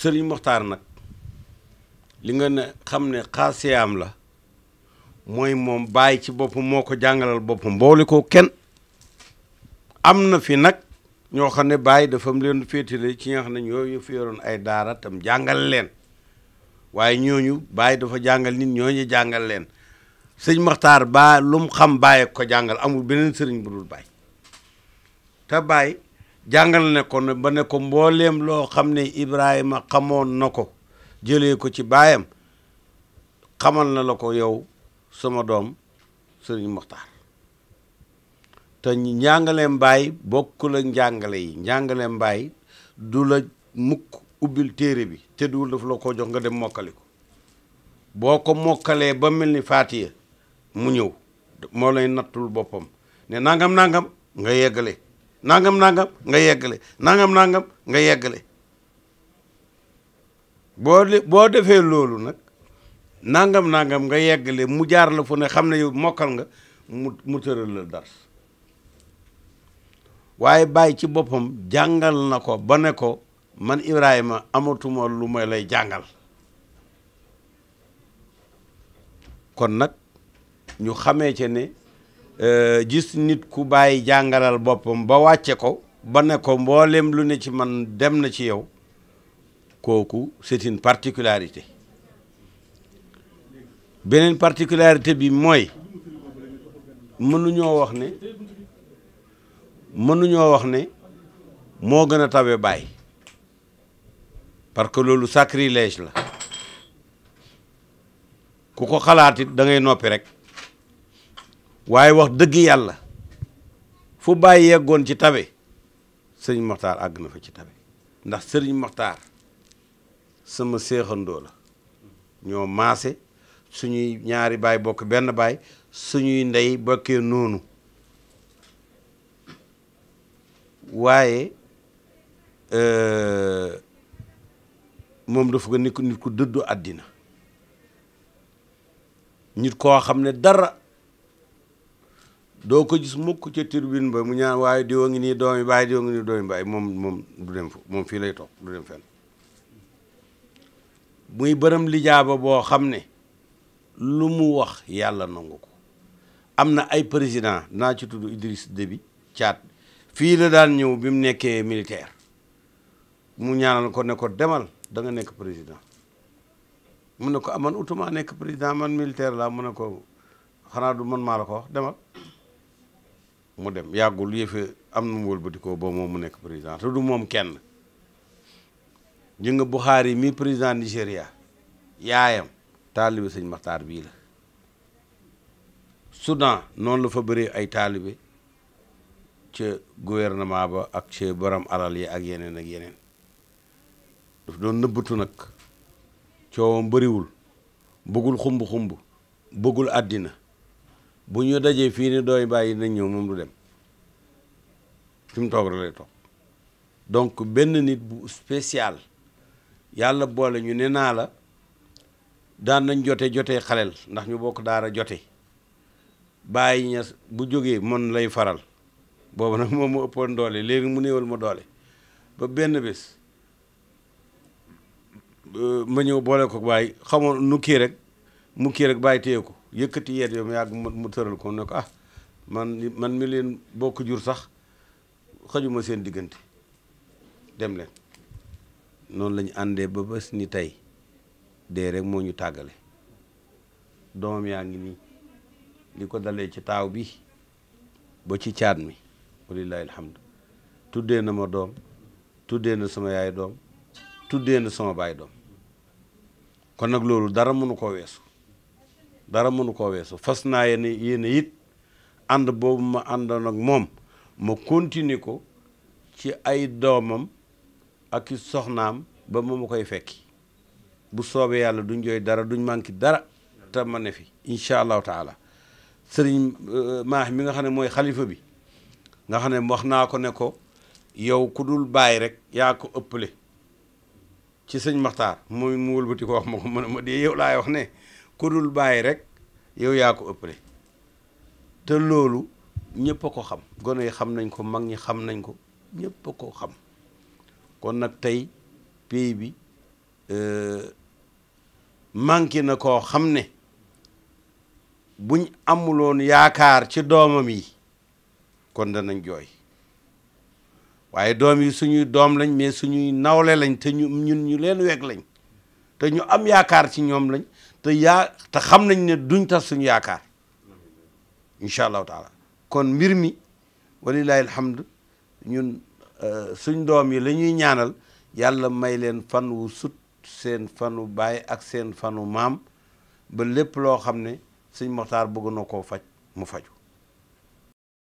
sëriñ Moxtaar nag li nga ne xam ne xaasiyaam la mooy moom bàyyi ci bopp moo ko jàngalal boppam boole ko kenn am na fi nag ñoo xam ne bàyyi dafa am leen féetale ci ñoo xam ne ñooñu fi yoroon ay daara tam jàngal leen waaye ñooñu bàyyi dafa jàngal nit ñu jàngal leen sëñ maxtar baa lu mu xam bàyyi ko jàngal amul beneen sëriñ bu dul bàyyi te bàyyi jàngal na ko ba ne ko mbooleem loo xam ne Ibrahima xamoon na ko jëlee ko ci baayam xamal na la ko yow sama doom sëriñ Moxtaar te njàngaleem mbaay bokku la njàngale yi njàngaleem mbaay du la mukk ubbil téere bi te duwul daf la ko jox nga dem mokkali ko boo ko mokkalee ba mel ni faatiya mu ñëw moo lay nattul boppam ne nangam nangam nga yeggale nangam nangam nga yeggale nangam nangam nga yeggale boo boo defee loolu nag nangam nangam nga yeggale mu jaar la fu ne xam ne yu mokkal nga mu mu tëral la dars waaye bàyyi ci boppam jàngal na ko ba ne ko man Ibrahima amatuma lu may lay jàngal kon nag ñu xamee ci ne Euh, gis nit ku bàyyi jàngalal boppam ba wàcce ko ba ne ko mboolem lu ne ci man dem na ci yow kooku c'est une particularité beneen particularité bi mooy mënuñoo wax ne mënuñoo wax ne moo gën a tawe bàyyi parce que loolu sacrilège la ku ko xalaat it noppi rek waaye wax dëgg yàlla fu bàyyi yeggoon ci tawe sëriñ Maxtaar àgg na fa ci tabe ndax sëriñ Maxtaar sama séexandoo la ñoo maase suñuy ñaari baay bokk benn baay suñuy ndey bokkee noonu waaye euh, moom dafa ko nit ku dëddu àddina nit koo xam ne dara Do ko gis mukk ci turbine ba mu ñaan waaye diwa ngi ni doomi baay diwa ngi ni doomi baay mom mom du dem fu mom fi lay tok du dem fenn muy bërëm lijaaba boo xam ne lu mu wax yàlla nangu ko am na ay président naa ci tudd Idriss debi Caat fii la daan ñëw bi mu nekkee militaire mu ñaanal ko ne ko demal da nga nekk président mu ne ko aman ah, utuma nekk président man militaire la mu ne ko xanaa du man maa la ko wax demal mu dem yàggul yëfe am na mu wëlbatikoo ba moom mu nekk président te moom kenn ñu nga Buhari mi président Nigéria yaayam taalibe sëñ Maxtaar bii la Soudan noonu la fa bëree ay taalibe ca gouvernement ba ak ca borom alal yi ak yeneen ak yeneen daf doon nëbbatu nag coowam bariwul bëggul xumb-xumb bëggul àddina bu ñu dajee fii ni dooy bàyyi nañ ñëw moom du dem fi mu toog rek lay toog donc benn nit bu spécial yàlla boole ñu ne naa la daan nañ jote jote xalel ndax ñu bokk daara jote bàyyi ña bu jógee man lay faral boobu nag moom mu ëppoon doole léegi mu néewal ma doole ba benn bés euh, ma ñëw boole ko bàyyi xamoon nu kii rek mu kii rek bàyyi téye ko yëkkati yeet yow mu yàgg mu tëral ko ne ko ah man man mi leen bokk jur sax xajuma seen diggante dem leen noonu lañu àndee ba bés ni tey dee rek moo ñu tàggale doom yaa ngi nii li ko dalee ci taaw bi ba ci caat mi walilahi alhamdu tuddee na ma doom tuddee na sama yaay doom tuddee na sama baay doom kon nag loolu dara mënu koo weesu dara mënu koo weesu fas naa yéene yéene it ànd boobu ma àndoon ak moom ma continuer ko ci ay doomam ak soxnaam ba mu ma koy fekki bu soobee yàlla duñ jooy dara duñ manqué dara te ma ne fi incha allahu taala sëriñ euh, maax mi nga xam ne mooy xalifa bi nga xam ne wax naa ko ne ko yow ku dul bàyyi rek yaa ko ëppale ci sëñ Maxtaar mooy mu wëlbati ko wax ma ko ma ne dee yow laay wax ne ku dul bàyyi rek yow yaa ko ëppale te loolu ñëpp ko xam gone yi xam nañ ko mag ñi xam nañ ko ñëpp a ko xam kon nag tey pays bi euh, manqué na koo xam ne buñ amuloon yaakaar ci doomam yi kon danañ jooy waaye doom yi suñuy doom lañ mais suñuy nawle lañ te ñu ñun ñu leen weg lañ te ñu am yaakaar ci ñoom lañ te yaa te xam nañ ne duñ tas suñu yaakaar incha allahu taala kon mbir mi walilahi alhamdu ñun suñ doom yi la ñuy ñaanal yàlla may leen fan wu sut seen fanu baay ak seen fanu maam ba lépp loo xam ne suñ moxtaar bëgg na koo faj mu faju